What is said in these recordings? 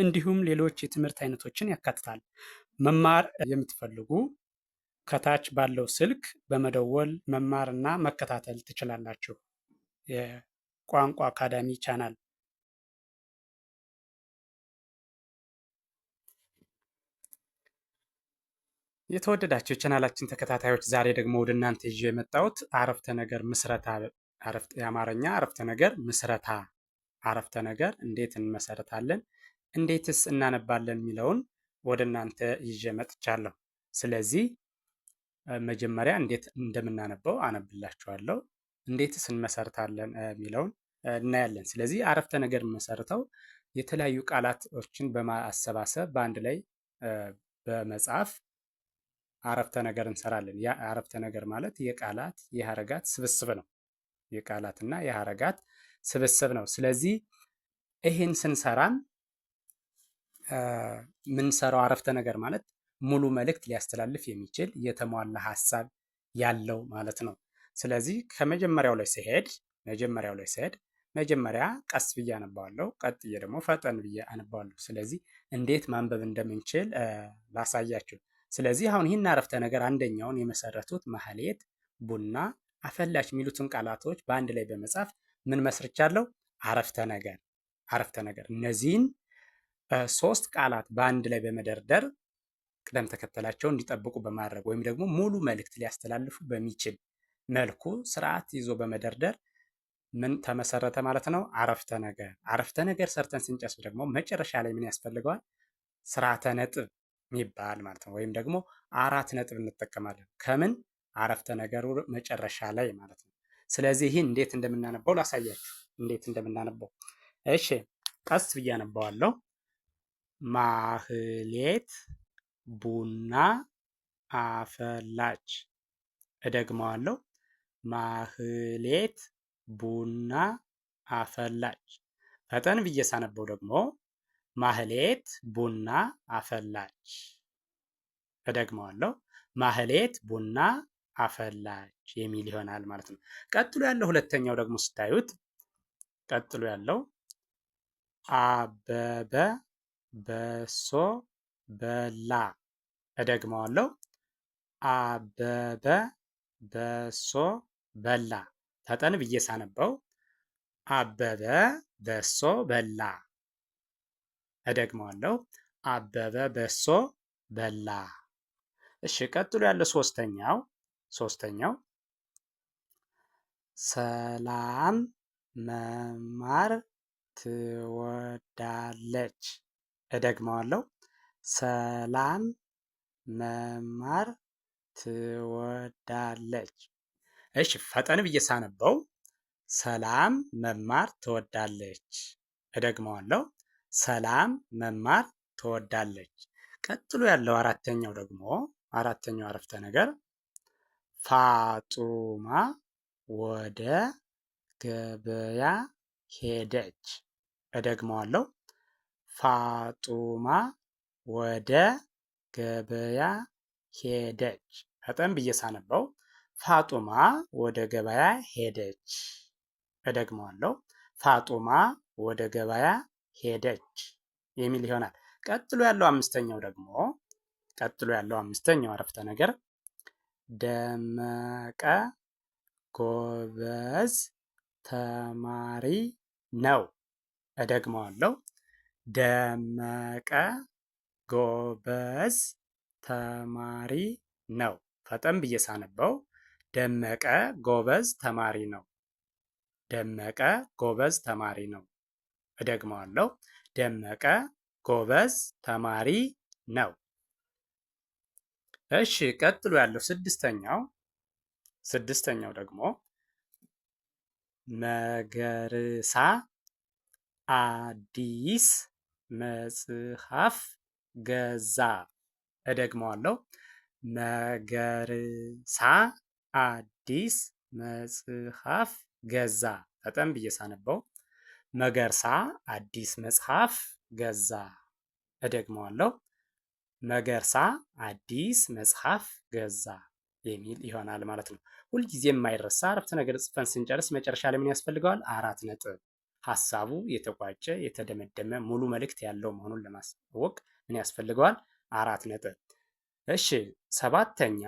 እንዲሁም ሌሎች የትምህርት አይነቶችን ያካትታል። መማር የምትፈልጉ ከታች ባለው ስልክ በመደወል መማርና መከታተል ትችላላችሁ። የቋንቋ አካዳሚ ቻናል የተወደዳቸው የቻናላችን ተከታታዮች ዛሬ ደግሞ ወደ እናንተ ይዤ የመጣሁት አረፍተ ነገር ምስረታ፣ የአማርኛ አረፍተ ነገር ምስረታ፣ አረፍተ ነገር እንዴት እንመሰረታለን እንዴትስ እናነባለን የሚለውን ወደ እናንተ ይዤ መጥቻለሁ። ስለዚህ መጀመሪያ እንዴት እንደምናነበው አነብላችኋለሁ። እንዴትስ እንመሰርታለን የሚለውን እናያለን። ስለዚህ አረፍተ ነገር መሰርተው የተለያዩ ቃላቶችን በማሰባሰብ በአንድ ላይ በመጻፍ አረፍተ ነገር እንሰራለን። አረፍተ ነገር ማለት የቃላት የሀረጋት ስብስብ ነው። የቃላትና የሀረጋት ስብስብ ነው። ስለዚህ ይህን ስንሰራም የምንሰራው አረፍተ ነገር ማለት ሙሉ መልእክት ሊያስተላልፍ የሚችል የተሟላ ሀሳብ ያለው ማለት ነው። ስለዚህ ከመጀመሪያው ላይ ሲሄድ መጀመሪያው ላይ ሲሄድ መጀመሪያ ቀስ ብዬ አነባዋለሁ፣ ቀጥዬ ደግሞ ፈጠን ብዬ አነባዋለሁ። ስለዚህ እንዴት ማንበብ እንደምንችል ላሳያችሁ። ስለዚህ አሁን ይህን አረፍተ ነገር አንደኛውን የመሰረቱት ማህሌት፣ ቡና፣ አፈላች የሚሉትን ቃላቶች በአንድ ላይ በመጻፍ ምን መስርቻለሁ? አረፍተ ነገር አረፍተ ነገር እነዚህን ሶስት ቃላት በአንድ ላይ በመደርደር ቅደም ተከተላቸውን እንዲጠብቁ በማድረግ ወይም ደግሞ ሙሉ መልእክት ሊያስተላልፉ በሚችል መልኩ ስርዓት ይዞ በመደርደር ምን ተመሰረተ ማለት ነው? አረፍተ ነገር። አረፍተ ነገር ሰርተን ስንጨርስ ደግሞ መጨረሻ ላይ ምን ያስፈልገዋል? ስርዓተ ነጥብ የሚባል ማለት ነው። ወይም ደግሞ አራት ነጥብ እንጠቀማለን። ከምን አረፍተ ነገሩ መጨረሻ ላይ ማለት ነው። ስለዚህ ይህን እንዴት እንደምናነበው ላሳያችሁ፣ እንዴት እንደምናነበው። እሺ ቀስ ብዬ ማህሌት ቡና አፈላች። እደግመዋለሁ። ማህሌት ቡና አፈላች። ፈጠን ብዬ ሳነበው ደግሞ ማህሌት ቡና አፈላች። እደግመዋለሁ። ማህሌት ቡና አፈላች የሚል ይሆናል ማለት ነው። ቀጥሎ ያለው ሁለተኛው ደግሞ ስታዩት ቀጥሎ ያለው አበበ በሶ በላ። እደግመዋለሁ። አበበ በሶ በላ። ፈጠን ብዬ ሳነበው አበበ በሶ በላ። እደግመዋለሁ። አበበ በሶ በላ። እሺ፣ ቀጥሎ ያለ ሶስተኛው ሶስተኛው ሰላም መማር ትወዳለች። እደግመዋለሁ። ሰላም መማር ትወዳለች። እሺ ፈጠን ብዬ ሳነበው ሰላም መማር ትወዳለች። እደግመዋለሁ። ሰላም መማር ትወዳለች። ቀጥሎ ያለው አራተኛው ደግሞ አራተኛው አረፍተ ነገር ፋጡማ ወደ ገበያ ሄደች። እደግመዋለሁ። ፋጡማ ወደ ገበያ ሄደች። ፈጠን ብዬ ሳነበው ፋጡማ ወደ ገበያ ሄደች። እደግመዋለሁ። ፋጡማ ወደ ገበያ ሄደች የሚል ይሆናል። ቀጥሎ ያለው አምስተኛው ደግሞ ቀጥሎ ያለው አምስተኛው አረፍተ ነገር ደመቀ ጎበዝ ተማሪ ነው። እደግመዋለሁ። ደመቀ ጎበዝ ተማሪ ነው። ፈጠን ብዬ ሳነበው ደመቀ ጎበዝ ተማሪ ነው። ደመቀ ጎበዝ ተማሪ ነው። እደግመዋለሁ። ደመቀ ጎበዝ ተማሪ ነው። እሺ ቀጥሎ ያለው ስድስተኛው ስድስተኛው ደግሞ መገርሳ አዲስ መጽሐፍ ገዛ። እደግመዋለሁ። መገርሳ አዲስ መጽሐፍ ገዛ። በጣም ብዬ ሳነበው መገርሳ አዲስ መጽሐፍ ገዛ። እደግመዋለሁ። መገርሳ አዲስ መጽሐፍ ገዛ የሚል ይሆናል ማለት ነው። ሁልጊዜ የማይረሳ አረፍተ ነገር ጽፈን ስንጨርስ መጨረሻ ላይ ምን ያስፈልገዋል? አራት ነጥብ ሀሳቡ የተቋጨ የተደመደመ ሙሉ መልእክት ያለው መሆኑን ለማስታወቅ ምን ያስፈልገዋል? አራት ነጥብ። እሺ ሰባተኛ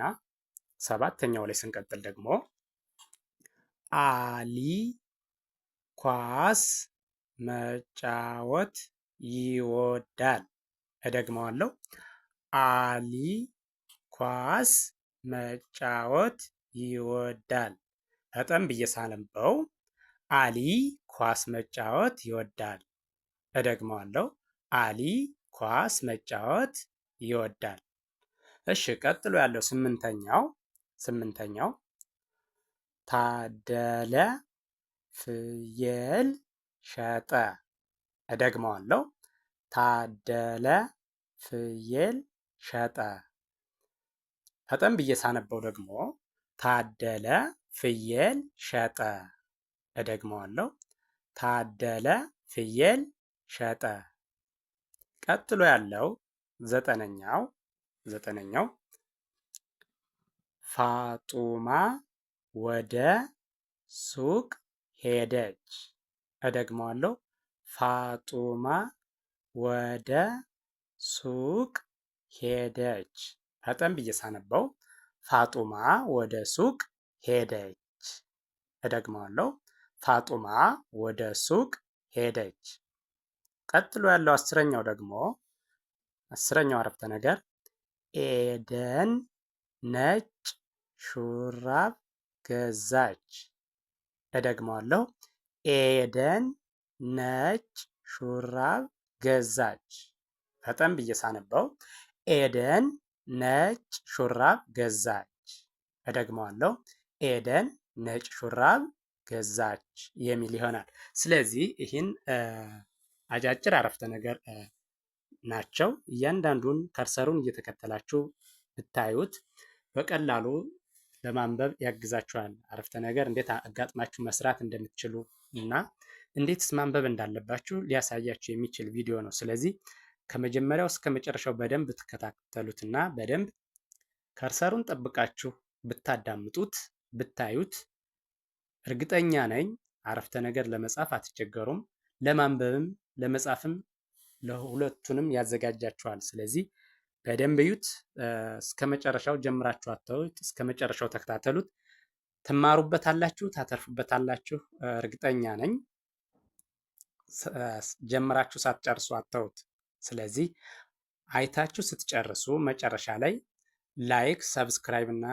ሰባተኛው ላይ ስንቀጥል ደግሞ አሊ ኳስ መጫወት ይወዳል። እደግመዋለሁ። አሊ ኳስ መጫወት ይወዳል። በጣም ብዬ ሳነበው አሊ ኳስ መጫወት ይወዳል። እደግመዋለሁ፣ አሊ ኳስ መጫወት ይወዳል። እሺ፣ ቀጥሎ ያለው ስምንተኛው ስምንተኛው ታደለ ፍየል ሸጠ። እደግመዋለሁ፣ ታደለ ፍየል ሸጠ። ፈጠን ብዬ ሳነበው ደግሞ ታደለ ፍየል ሸጠ እደግመዋለሁ። ታደለ ፍየል ሸጠ። ቀጥሎ ያለው ዘጠነኛው ዘጠነኛው ፋጡማ ወደ ሱቅ ሄደች። እደግመዋለሁ። ፋጡማ ወደ ሱቅ ሄደች። በጣም ብዬ ሳነበው ፋጡማ ወደ ሱቅ ሄደች። እደግመዋለሁ። ታጡማ ወደ ሱቅ ሄደች። ቀጥሎ ያለው አስረኛው ደግሞ አስረኛው አረፍተ ነገር ኤደን ነጭ ሹራብ ገዛች። እደግመዋለሁ። ኤደን ነጭ ሹራብ ገዛች። በጣም ብዬ ሳነበው ኤደን ነጭ ሹራብ ገዛች። እደግመዋለሁ። ኤደን ነጭ ሹራብ ገዛች የሚል ይሆናል። ስለዚህ ይህን አጫጭር አረፍተ ነገር ናቸው። እያንዳንዱን ከርሰሩን እየተከተላችሁ ብታዩት በቀላሉ ለማንበብ ያግዛችኋል። አረፍተ ነገር እንዴት አጋጥማችሁ መስራት እንደምትችሉ እና እንዴትስ ማንበብ እንዳለባችሁ ሊያሳያችሁ የሚችል ቪዲዮ ነው። ስለዚህ ከመጀመሪያው እስከ መጨረሻው በደንብ ብትከታተሉትና በደንብ ከርሰሩን ጠብቃችሁ ብታዳምጡት ብታዩት እርግጠኛ ነኝ አረፍተ ነገር ለመጻፍ አትቸገሩም፣ ለማንበብም ለመጻፍም ለሁለቱንም ያዘጋጃችኋል። ስለዚህ በደንብ እዩት። እስከ መጨረሻው ጀምራችሁ አታዩት፣ እስከ መጨረሻው ተከታተሉት። ትማሩበታላችሁ፣ ታተርፉበታላችሁ እርግጠኛ ነኝ። ጀምራችሁ ሳትጨርሱ አታዩት። ስለዚህ አይታችሁ ስትጨርሱ መጨረሻ ላይ ላይክ፣ ሰብስክራይብ እና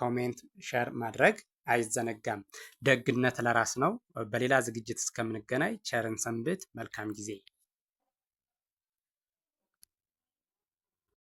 ኮሜንት ሸር ማድረግ አይዘነጋም። ደግነት ለራስ ነው። በሌላ ዝግጅት እስከምንገናኝ ቸርን ሰንብት። መልካም ጊዜ